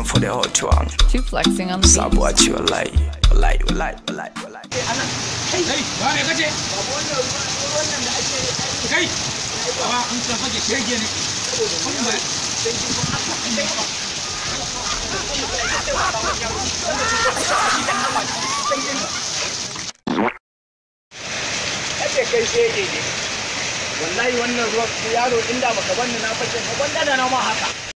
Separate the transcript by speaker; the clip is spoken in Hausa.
Speaker 1: them for the hot one.
Speaker 2: Two flexing on the Sab
Speaker 1: what you like, like, like,
Speaker 2: like,
Speaker 3: like. Hey, hey, wani kace? Babu wannan wannan kai.
Speaker 4: sai Wallahi wannan ruwa yaro inda baka banni na fashe ka na ma haka.